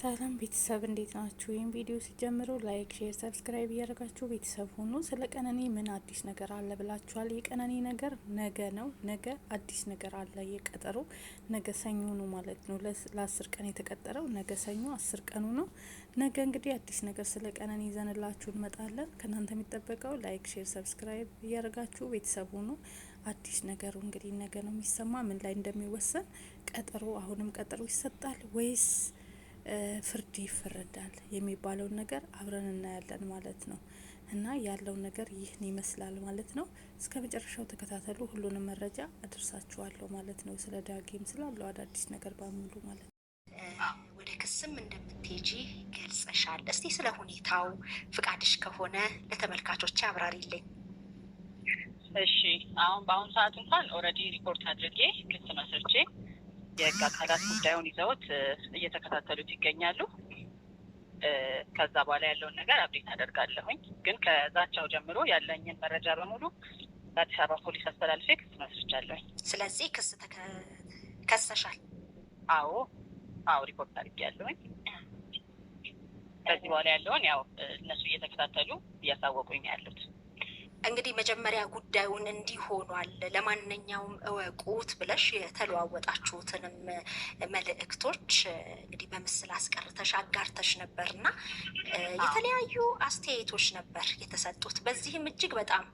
ሰላም ቤተሰብ እንዴት ናችሁ? ይህን ቪዲዮ ሲጀምሩ ላይክ፣ ሼር፣ ሰብስክራይብ እያደረጋችሁ ቤተሰብ ሁኑ። ስለ ቀነኔ ምን አዲስ ነገር አለ ብላችኋል። የቀነኔ ነገር ነገ ነው። ነገ አዲስ ነገር አለ። የቀጠሮ ነገ ሰኞ ነው ማለት ነው። ለአስር ቀን የተቀጠረው ነገ ሰኞ አስር ቀኑ ነው። ነገ እንግዲህ አዲስ ነገር ስለ ቀነኔ ይዘንላችሁ እንመጣለን። ከእናንተ የሚጠበቀው ላይክ፣ ሼር፣ ሰብስክራይብ እያደረጋችሁ ቤተሰብ ሁኑ። አዲስ ነገሩ እንግዲህ ነገ ነው የሚሰማ ምን ላይ እንደሚወሰን ቀጠሮ፣ አሁንም ቀጠሮ ይሰጣል ወይስ ፍርድ ይፈረዳል የሚባለውን ነገር አብረን እናያለን ማለት ነው። እና ያለው ነገር ይህን ይመስላል ማለት ነው። እስከ መጨረሻው ተከታተሉ። ሁሉንም መረጃ አድርሳችኋለሁ ማለት ነው። ስለ ዳጊም ስላለው አዳዲስ ነገር በሙሉ ማለት ነው። ወደ ክስም እንደምትሄጂ ገልጸሻል። እስቲ ስለ ሁኔታው ፍቃድሽ ከሆነ ለተመልካቾች አብራሪልኝ። እሺ አሁን በአሁኑ ሰዓት እንኳን ኦልሬዲ ሪፖርት አድርጌ ክስ መስርቼ የህግ አካላት ጉዳዩን ይዘውት እየተከታተሉት ይገኛሉ። ከዛ በኋላ ያለውን ነገር አብዴት አደርጋለሁኝ። ግን ከዛቻው ጀምሮ ያለኝን መረጃ በሙሉ በአዲስ አበባ ፖሊስ አስተላልፌ ክስ መስርቻለሁኝ። ስለዚህ ክስ ከሰሻል? አዎ፣ አዎ፣ ሪፖርት አድርጌያለሁኝ። ከዚህ በኋላ ያለውን ያው እነሱ እየተከታተሉ እያሳወቁኝ ያሉት እንግዲህ መጀመሪያ ጉዳዩን እንዲሆኗል ለማንኛውም እወቁት ብለሽ የተለዋወጣችሁትንም መልእክቶች እንግዲህ በምስል አስቀርተሽ አጋርተሽ ነበር እና የተለያዩ አስተያየቶች ነበር የተሰጡት። በዚህም እጅግ በጣም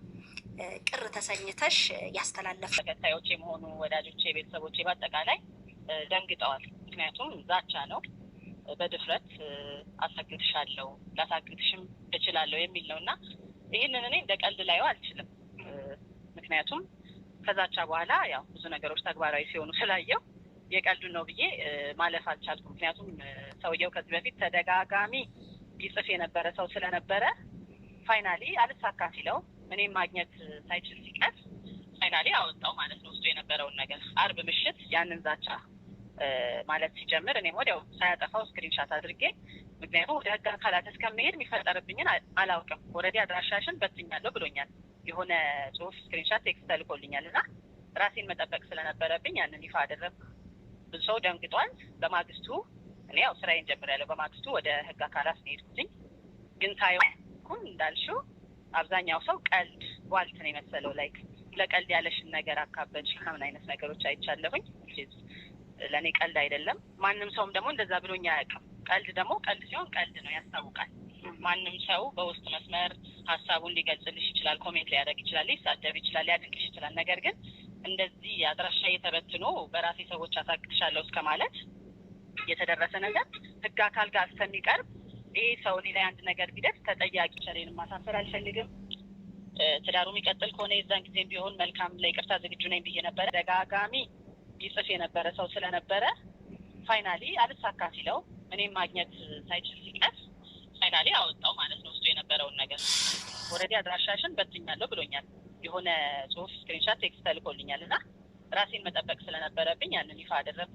ቅር ተሰኝተሽ ያስተላለፍ ተከታዮች የመሆኑ ወዳጆቼ፣ ቤተሰቦቼ በአጠቃላይ ደንግጠዋል። ምክንያቱም ዛቻ ነው በድፍረት አሳግድሻለሁ ላሳግድሽም እችላለሁ የሚል ነው እና ይህንን እኔ እንደ ቀልድ ላየው አልችልም። ምክንያቱም ከዛቻ በኋላ ያው ብዙ ነገሮች ተግባራዊ ሲሆኑ ስላየው የቀልዱ ነው ብዬ ማለፍ አልቻልኩም። ምክንያቱም ሰውየው ከዚህ በፊት ተደጋጋሚ ቢጽፍ የነበረ ሰው ስለነበረ ፋይናሊ አልሳካ ሲለው እኔም ማግኘት ሳይችል ሲቀር ፋይናሊ አወጣው ማለት ነው ውስጡ የነበረውን ነገር። አርብ ምሽት ያንን ዛቻ ማለት ሲጀምር እኔም ወዲያው ሳያጠፋው ስክሪንሻት አድርጌ ምክንያቱም ወደ ህግ አካላት እስከመሄድ የሚፈጠርብኝን አላውቅም። ወረዲ አድራሻሽን በትኛለሁ ብሎኛል። የሆነ ጽሁፍ ስክሪንሻት ቴክስት ተልኮልኛል እና ራሴን መጠበቅ ስለነበረብኝ ያንን ይፋ አደረግ። ብዙ ሰው ደንግጧል። በማግስቱ እኔ ያው ስራዬን ጀምሬያለሁ። በማግስቱ ወደ ህግ አካላት ነው ግን ሳይሆን እንዳልሽው አብዛኛው ሰው ቀልድ ዋልት ነው የመሰለው። ላይክ ለቀልድ ያለሽን ነገር አካበድሽ ምናምን አይነት ነገሮች አይቻለሁኝ። ለእኔ ቀልድ አይደለም። ማንም ሰውም ደግሞ እንደዛ ብሎኝ አያውቅም። ቀልድ ደግሞ ቀልድ ሲሆን ቀልድ ነው፣ ያስታውቃል። ማንም ሰው በውስጥ መስመር ሀሳቡን ሊገልጽልሽ ይችላል፣ ኮሜንት ሊያደርግ ይችላል፣ ሊሳደብ ይችላል፣ ሊያድንቅሽ ይችላል። ነገር ግን እንደዚህ አድራሻ የተበትኖ በራሴ ሰዎች አሳግሻለሁ እስከ ማለት የተደረሰ ነገር ህግ አካል ጋር እስከሚቀርብ ይህ ሰው እኔ ላይ አንድ ነገር ቢደርስ ተጠያቂ ቸሬን ማሳፈር አልፈልግም። ትዳሩ የሚቀጥል ከሆነ የዛን ጊዜም ቢሆን መልካም ለይቅርታ ዝግጁ ነኝ ብዬ ነበረ። ደጋጋሚ ይጽፍ የነበረ ሰው ስለነበረ ፋይናሊ አልሳካ ሲለው እኔም ማግኘት ሳይችል ሲቀር ፋይናሌ አወጣው ማለት ነው ውስጡ የነበረውን ነገር። ወረዲ አድራሻሽን በትኛለሁ ብሎኛል። የሆነ ጽሁፍ ስክሪንሻት ቴክስት ተልኮልኛል እና ራሴን መጠበቅ ስለነበረብኝ ያንን ይፋ አደረግኩ።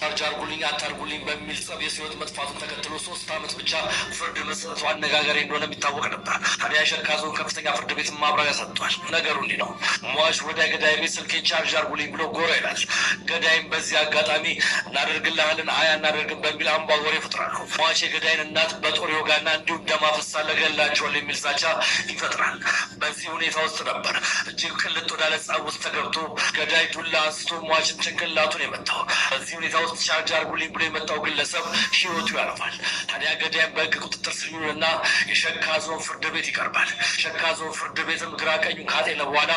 ቻርጅ አርጉልኝ አታርጉልኝ በሚል ጸብ የሲወት መጥፋቱን ተከትሎ ሶስት አመት ብቻ ፍርድ መስጠቱ አነጋገሪ እንደሆነ የሚታወቅ ነበር። ታዲያ ሸካ ዞን ከፍተኛ ፍርድ ቤት ማብራሪያ ሰጥቷል። ነገሩ እንዲህ ነው። ሟች ወደ ገዳይ ቤት ስልኬን ቻርጅ አርጉልኝ ብሎ ጎራ ይላል። ገዳይም በዚህ አጋጣሚ እናደርግልሃልን አያ እናደርግን በሚል አምባጓሮ ይፈጥራሉ። ሟች የገዳይን እናት በጦር ዮጋና እንዲሁም ደማፈሳ ለገላቸዋል የሚል ዛቻ ይፈጥራል። በዚህ ሁኔታ ውስጥ ነበር እጅግ ቅልጥ ወዳለ ጸብ ውስጥ ተገብቶ ገዳይ ዱላ አንስቶ ሟችን ጭንቅላቱን የመታው። በዚህ ሁኔታ የሱፍ ሻርጃ አርጉልኝ ብሎ የመጣው ግለሰብ ህይወቱ ያልፋል። ታዲያ ገዳይም በህግ ቁጥጥር ስር ይውልና የሸካ ዞን ፍርድ ቤት ይቀርባል። ሸካ ዞን ፍርድ ቤትም ግራ ቀኙ ካጤነ በኋላ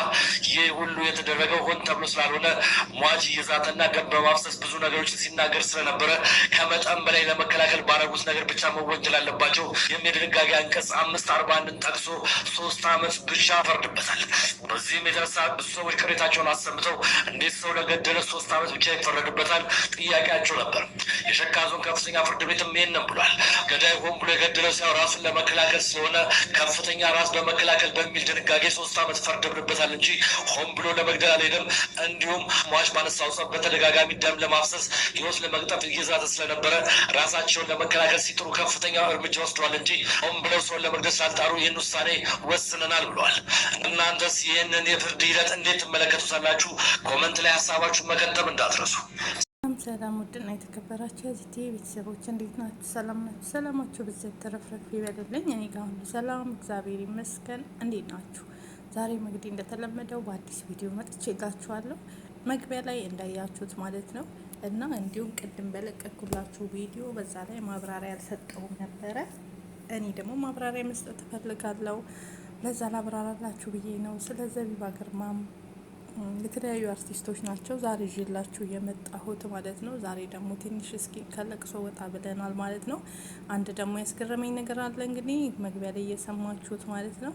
ይህ ሁሉ የተደረገው ሆን ተብሎ ስላልሆነ ሟች እየዛተና ደም በማፍሰስ ብዙ ነገሮችን ሲናገር ስለነበረ ከመጠን በላይ ለመከላከል ባረጉት ነገር ብቻ መወንጀል አለባቸው የሚል ድንጋጌ አንቀጽ አምስት አርባ አንድን ጠቅሶ ሶስት አመት ብቻ ፈርድበታል። በዚህም የተነሳ ብዙ ሰዎች ቅሬታቸውን አሰምተው እንዴት ሰው ለገደለ ሶስት አመት ብቻ ይፈረድበታል ጥያቄ ጥያቄያቸው ነበር። የሸካ ዞን ከፍተኛ ፍርድ ቤትም ይህንም ብሏል። ገዳይ ሆን ብሎ የገደለው ሰው ራሱን ለመከላከል ስለሆነ ከፍተኛ ራስ በመከላከል በሚል ድንጋጌ ሶስት ዓመት ፈርደብንበታል እንጂ ሆን ብሎ ለመግደል አልሄደም። እንዲሁም ሟች ባነሳው በተደጋጋሚ ደም ለማፍሰስ ህይወት ለመቅጠፍ እየዛተ ስለነበረ ራሳቸውን ለመከላከል ሲጥሩ ከፍተኛ እርምጃ ወስደዋል እንጂ ሆን ብለው ሰውን ለመግደል ሳልጣሩ ይህን ውሳኔ ወስነናል ብለዋል እናንተስ ይህንን የፍርድ ሂደት እንዴት ትመለከቱታላችሁ? ኮመንት ላይ ሀሳባችሁ መከተብ እንዳትረሱ። ሰላም ውድና የተከበራችሁ ያዚቴ ቤተሰቦች እንዴት ናችሁ? ሰላም ናችሁ? ሰላማችሁ ብዘት ተረፍረፍ ይበልልኝ። እኔ ጋር ሁሉ ሰላም እግዚአብሔር ይመስገን። እንዴት ናችሁ? ዛሬ እንግዲህ እንደተለመደው በአዲስ ቪዲዮ መጥቼላችኋለሁ። መግቢያ ላይ እንዳያችሁት ማለት ነው እና እንዲሁም ቅድም በለቀኩላችሁ ቪዲዮ በዛ ላይ ማብራሪያ አልሰጠውም ነበረ። እኔ ደግሞ ማብራሪያ መስጠት እፈልጋለሁ። ለዛ ላብራራላችሁ ብዬ ነው ስለ ዘቢባ ግርማም የተለያዩ አርቲስቶች ናቸው ዛሬ ይዤላችሁ የመጣሁት ማለት ነው። ዛሬ ደግሞ ትንሽ እስኪ ከለቅሶ ወጣ ብለናል ማለት ነው። አንድ ደግሞ ያስገረመኝ ነገር አለ እንግዲህ መግቢያ ላይ እየሰማችሁት ማለት ነው።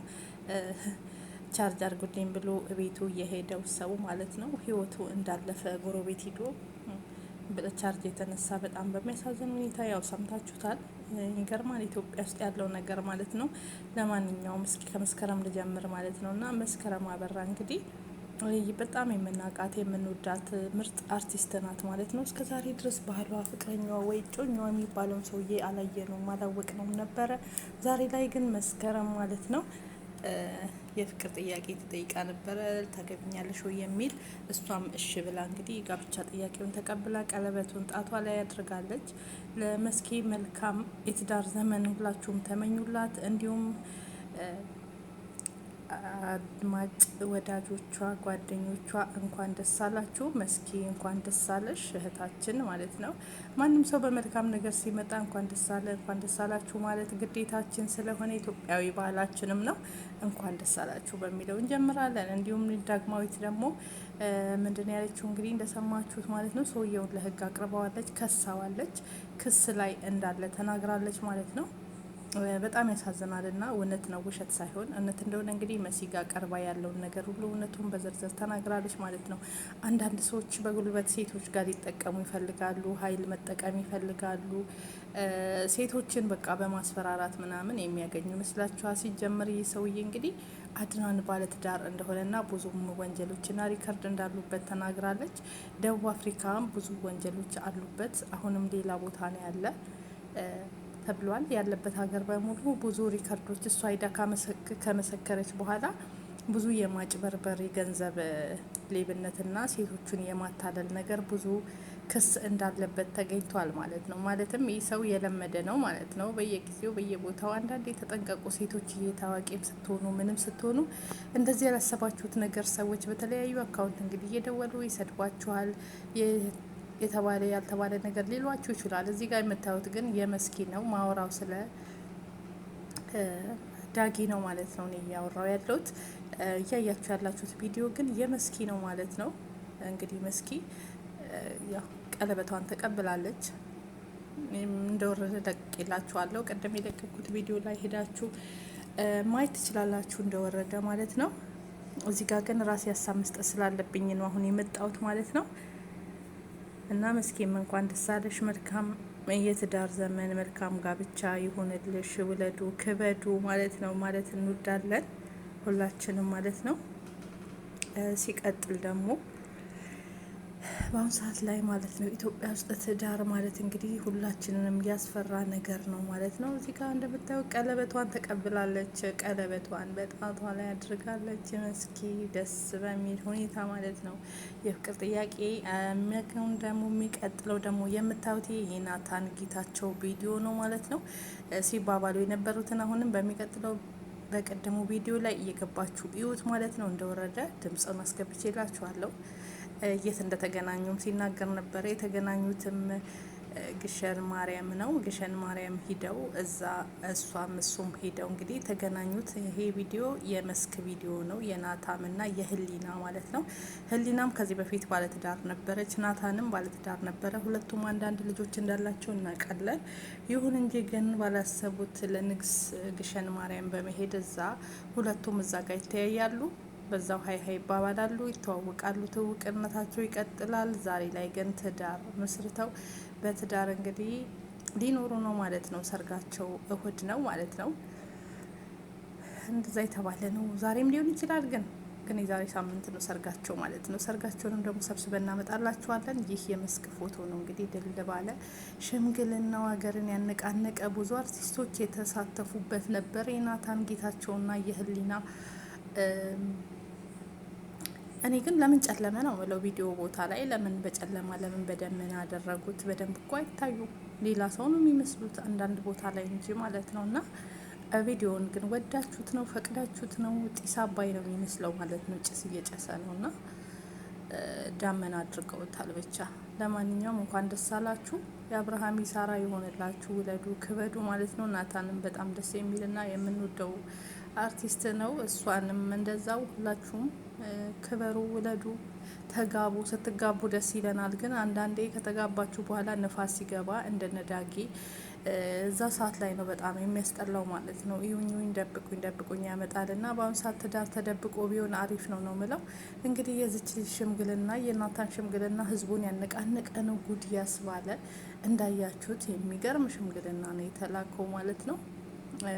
ቻርጅ አርጉልኝ ብሎ ቤቱ የሄደው ሰው ማለት ነው ህይወቱ እንዳለፈ ጎረቤት ሂዶ ቻርጅ የተነሳ በጣም በሚያሳዝን ሁኔታ ያው ሰምታችሁታል። ይገርማል ኢትዮጵያ ውስጥ ያለው ነገር ማለት ነው። ለማንኛውም እስኪ ከመስከረም ልጀምር ማለት ነው እና መስከረም አበራ እንግዲህ በጣም የምናውቃት የምንወዳት ምርጥ አርቲስት ናት ማለት ነው። እስከ ዛሬ ድረስ ባህሏ፣ ፍቅረኛዋ ወይ እጮኛዋ የሚባለውን ሰውዬ አላየነውም አላወቅነውም ነበረ። ዛሬ ላይ ግን መስከረም ማለት ነው የፍቅር ጥያቄ ተጠይቃ ነበረ ታገብኛለሽ ወይ የሚል እሷም እሽ ብላ እንግዲህ ጋብቻ ጥያቄውን ተቀብላ ቀለበቱን ጣቷ ላይ አድርጋለች። ለመስኬ መልካም የትዳር ዘመን ሁላችሁም ተመኙላት እንዲሁም አድማጭ ወዳጆቿ፣ ጓደኞቿ እንኳን ደስ አላችሁ። መስኪ እንኳን ደስ አለሽ እህታችን ማለት ነው። ማንም ሰው በመልካም ነገር ሲመጣ እንኳን ደስ አለ እንኳን ደስ አላችሁ ማለት ግዴታችን ስለሆነ ኢትዮጵያዊ ባህላችንም ነው። እንኳን ደስ አላችሁ በሚለው እንጀምራለን። እንዲሁም ዳግማዊት ደግሞ ምንድን ያለችው እንግዲህ እንደሰማችሁት ማለት ነው። ሰውየውን ለህግ አቅርበዋለች፣ ከሳዋለች፣ ክስ ላይ እንዳለ ተናግራለች ማለት ነው። በጣም ያሳዝናል እና እውነት ነው ውሸት ሳይሆን እውነት እንደሆነ እንግዲህ መሲ ጋር ቀርባ ያለውን ነገር ሁሉ እውነቱን በዝርዝር ተናግራለች ማለት ነው። አንዳንድ ሰዎች በጉልበት ሴቶች ጋር ሊጠቀሙ ይፈልጋሉ፣ ኃይል መጠቀም ይፈልጋሉ። ሴቶችን በቃ በማስፈራራት ምናምን የሚያገኙ ይመስላችኋል። ሲጀምር ይህ ሰውዬ እንግዲህ አድናን ባለትዳር እንደሆነና ብዙ ወንጀሎችና ሪከርድ እንዳሉበት ተናግራለች። ደቡብ አፍሪካም ብዙ ወንጀሎች አሉበት። አሁንም ሌላ ቦታ ነው ያለ ተብሏል። ያለበት ሀገር በሙሉ ብዙ ሪከርዶች እሷ ሄዳ ከመሰከረች በኋላ ብዙ የማጭበርበር የገንዘብ ሌብነትና ሴቶቹን የማታለል ነገር ብዙ ክስ እንዳለበት ተገኝቷል ማለት ነው። ማለትም ይህ ሰው የለመደ ነው ማለት ነው። በየጊዜው በየቦታው አንዳንድ የተጠንቀቁ ሴቶች እየታዋቂም ስትሆኑ ምንም ስትሆኑ እንደዚህ ያላሰባችሁት ነገር ሰዎች በተለያዩ አካውንት እንግዲህ እየደወሉ ይሰድቧችኋል። የተባለ ያልተባለ ነገር ሊሏችሁ ይችላል። እዚህ ጋር የምታዩት ግን የመስኪ ነው። ማወራው ስለ ዳጊ ነው ማለት ነው። እኔ እያወራው ያለሁት እያያችሁ ያላችሁት ቪዲዮ ግን የመስኪ ነው ማለት ነው። እንግዲህ መስኪ ያው ቀለበቷን ተቀብላለች። እንደወረደ ለቅቄላችኋለሁ። ቅድም የለቀኩት ቪዲዮ ላይ ሄዳችሁ ማየት ትችላላችሁ፣ እንደወረደ ማለት ነው። እዚህ ጋር ግን ራሴ ሀሳብ መስጠት ስላለብኝ ነው አሁን የመጣሁት ማለት ነው። እና መስኪም እንኳን ደስ አለሽ። መልካም የትዳር ዘመን፣ መልካም ጋብቻ ይሁንልሽ። ውለዱ፣ ክበዱ ማለት ነው ማለት እንወዳለን ሁላችንም ማለት ነው። ሲቀጥል ደግሞ በአሁኑ ሰዓት ላይ ማለት ነው ኢትዮጵያ ውስጥ ትዳር ማለት እንግዲህ ሁላችንንም ያስፈራ ነገር ነው ማለት ነው። እዚህ ጋር እንደምታየው ቀለበቷን ተቀብላለች። ቀለበቷን በጣቷ ላይ አድርጋለች። መስኪ ደስ በሚል ሁኔታ ማለት ነው የፍቅር ጥያቄ የሚያገውን ደግሞ የሚቀጥለው ደግሞ የምታዩት የናታን ጌታቸው ቪዲዮ ነው ማለት ነው ሲባባሉ የነበሩትን አሁንም በሚቀጥለው በቀደሙ ቪዲዮ ላይ እየገባችሁ እዩት ማለት ነው። እንደወረደ ድምፅ ማስገብቼላችኋለሁ። የት እንደተገናኙም ሲናገር ነበረ። የተገናኙትም ግሸን ማርያም ነው። ግሸን ማርያም ሂደው እዛ እሷም እሱም ሂደው እንግዲህ የተገናኙት። ይሄ ቪዲዮ የመስክ ቪዲዮ ነው የናታም እና የህሊና ማለት ነው። ህሊናም ከዚህ በፊት ባለትዳር ነበረች፣ ናታንም ባለትዳር ነበረ። ሁለቱም አንዳንድ ልጆች እንዳላቸው እናውቃለን። ይሁን እንጂ ግን ባላሰቡት ለንግስ ግሸን ማርያም በመሄድ እዛ ሁለቱም እዛ ጋር ይተያያሉ። በዛው ሀይ ሀይ ይባባላሉ፣ ይተዋወቃሉ፣ ትውቅነታቸው ይቀጥላል። ዛሬ ላይ ግን ትዳር መስርተው በትዳር እንግዲህ ሊኖሩ ነው ማለት ነው። ሰርጋቸው እሁድ ነው ማለት ነው። እንደዛ የተባለ ነው። ዛሬም ሊሆን ይችላል ግን ግን የዛሬ ሳምንት ነው ሰርጋቸው ማለት ነው። ሰርጋቸውንም ደግሞ ሰብስበን እናመጣላችኋለን። ይህ የመስክ ፎቶ ነው እንግዲህ ድል ባለ ሽምግልናው ሀገርን ያነቃነቀ ብዙ አርቲስቶች የተሳተፉበት ነበር። የናታን ጌታቸውና የህሊና እኔ ግን ለምን ጨለመ ነው ብለው ቪዲዮ ቦታ ላይ ለምን በጨለማ ለምን በደመና ያደረጉት? በደንብ እኮ አይታዩ ሌላ ሰው ነው የሚመስሉት አንዳንድ ቦታ ላይ እንጂ ማለት ነው። እና ቪዲዮውን ግን ወዳችሁት ነው ፈቅዳችሁት ነው። ጢስ አባይ ነው የሚመስለው ማለት ነው። ጭስ እየጨሰ ነው እና ዳመና አድርገውታል። ብቻ ለማንኛውም እንኳን ደስ አላችሁ። የአብርሃም ይሳራ የሆነላችሁ ውለዱ፣ ክበዱ ማለት ነው። ናታንም በጣም ደስ የሚልና የምንወደው አርቲስት ነው። እሷንም እንደዛው ሁላችሁም ክበሩ፣ ውለዱ፣ ተጋቡ። ስትጋቡ ደስ ይለናል። ግን አንዳንዴ ከተጋባችሁ በኋላ ንፋስ ሲገባ እንደነዳጊ እዛ ሰዓት ላይ ነው በጣም የሚያስጠላው ማለት ነው። ይሁኝ ይሁኝ ደብቁኝ ደብቁኝ ያመጣል እና በአሁኑ ሰዓት ትዳር ተደብቆ ቢሆን አሪፍ ነው ነው ምለው። እንግዲህ የዚች ሽምግልና የናታን ሽምግልና ህዝቡን ያነቃነቀ ነው ጉድ ያስባለ። እንዳያችሁት የሚገርም ሽምግልና ነው የተላከው ማለት ነው።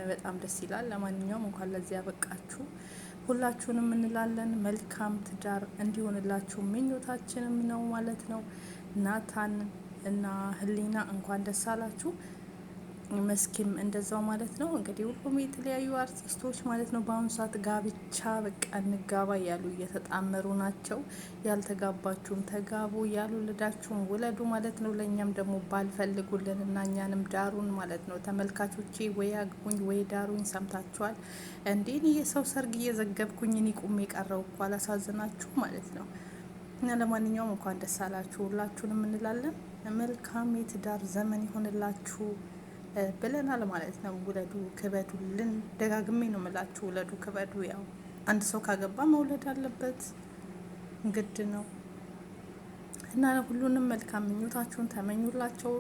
በጣም ደስ ይላል። ለማንኛውም እንኳን ለዚህ ያበቃችሁ ሁላችሁንም እንላለን። መልካም ትዳር እንዲሆንላችሁ ምኞታችንም ነው ማለት ነው። ናታን እና ህሊና እንኳን ደስ አላችሁ። መስኪም እንደዛው ማለት ነው። እንግዲህ ሁሉም የተለያዩ አርቲስቶች ማለት ነው በአሁኑ ሰዓት ጋብቻ በቃ እንጋባ እያሉ እየተጣመሩ ናቸው። ያልተጋባችሁም ተጋቡ፣ ያልወለዳችሁም ውለዱ ማለት ነው። ለእኛም ደግሞ ባልፈልጉልን እና እኛንም ዳሩን ማለት ነው። ተመልካቾቼ ወይ አግቡኝ ወይ ዳሩኝ። ሰምታችኋል እንዴን? የሰው ሰርግ እየዘገብኩኝ እኔ ቁሜ የቀረው እኮ አላሳዝናችሁ ማለት ነው። እና ለማንኛውም እንኳን ደስ አላችሁ ሁላችሁንም እንላለን። መልካም የትዳር ዘመን ይሆንላችሁ። ብለናል ማለት ነው። ውለዱ ክበዱልን። ደጋግሜ ነው የምላችሁ፣ ውለዱ ክበዱ። ያው አንድ ሰው ካገባ መውለድ አለበት፣ ግድ ነው። እና ሁሉንም መልካም ምኞታችሁን ተመኙላቸው።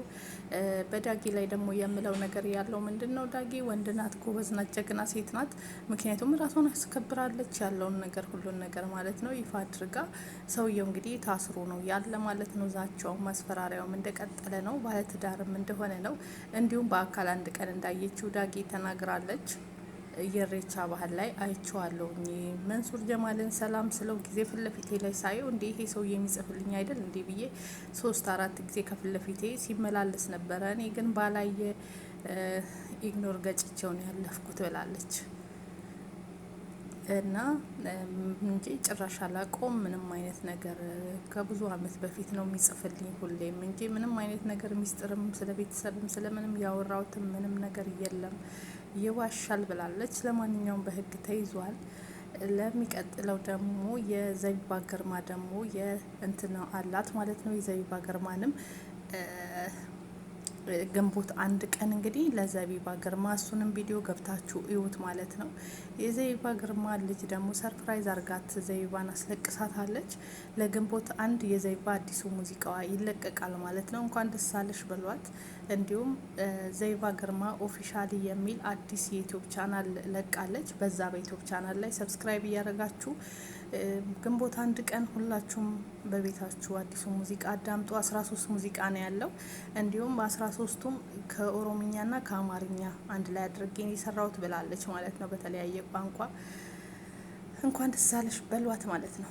በዳጊ ላይ ደግሞ የምለው ነገር ያለው ምንድን ነው፣ ዳጊ ወንድ ናት፣ ጎበዝ ናት፣ ጀግና ሴት ናት። ምክንያቱም ራሷን አስከብራለች ያለውን ነገር ሁሉን ነገር ማለት ነው ይፋ አድርጋ። ሰውየው እንግዲህ ታስሮ ነው ያለ ማለት ነው። ዛቸው ማስፈራሪያውም እንደቀጠለ ነው። ባለትዳርም እንደሆነ ነው። እንዲሁም በአካል አንድ ቀን እንዳየችው ዳጊ ተናግራለች። የሬቻ ባህል ላይ አይቼዋለሁኝ። መንሱር ጀማልን ሰላም ስለው ጊዜ ፊት ለፊቴ ላይ ሳየው እንዴ ይሄ ሰው የሚጽፍልኝ አይደል እንዴ ብዬ ሶስት አራት ጊዜ ከፊት ለፊቴ ሲመላለስ ነበረ። እኔ ግን ባላየ ኢግኖር ገጭቸውን ያለፍኩት ብላለች እና እንጂ ጭራሽ አላቆም ምንም አይነት ነገር ከብዙ አመት በፊት ነው የሚጽፍልኝ ሁሌም እንጂ ምንም አይነት ነገር ሚስጥርም ስለ ቤተሰብም ስለምንም ያወራውትም ምንም ነገር የለም። ይዋሻል ብላለች። ለማንኛውም በህግ ተይዟል። ለሚቀጥለው ደግሞ የዘቢባ ግርማ ደግሞ የእንትን አላት ማለት ነው። የዘቢባ ግርማንም ግንቦት አንድ ቀን እንግዲህ ለዘቢባ ግርማ እሱንም ቪዲዮ ገብታችሁ እዩት ማለት ነው። የዘቢባ ግርማ ልጅ ደግሞ ሰርፕራይዝ አርጋት ዘቢባን አስለቅሳታለች። ለግንቦት አንድ የዘቢባ አዲሱ ሙዚቃዋ ይለቀቃል ማለት ነው። እንኳን ደስ አለሽ በሏት። እንዲሁም ዘይባ ግርማ ኦፊሻሊ የሚል አዲስ የዩቲዩብ ቻናል ለቃለች። በዛ በዩቲዩብ ቻናል ላይ ሰብስክራይብ እያደረጋችሁ ግንቦት አንድ ቀን ሁላችሁም በቤታችሁ አዲሱ ሙዚቃ አዳምጡ። አስራ ሶስት ሙዚቃ ነው ያለው። እንዲሁም በአስራ ሶስቱም ከኦሮምኛና ከአማርኛ አንድ ላይ አድርጌን የሰራሁት ብላለች ማለት ነው። በተለያየ ቋንቋ እንኳን ደስ አለሽ በሏት ማለት ነው።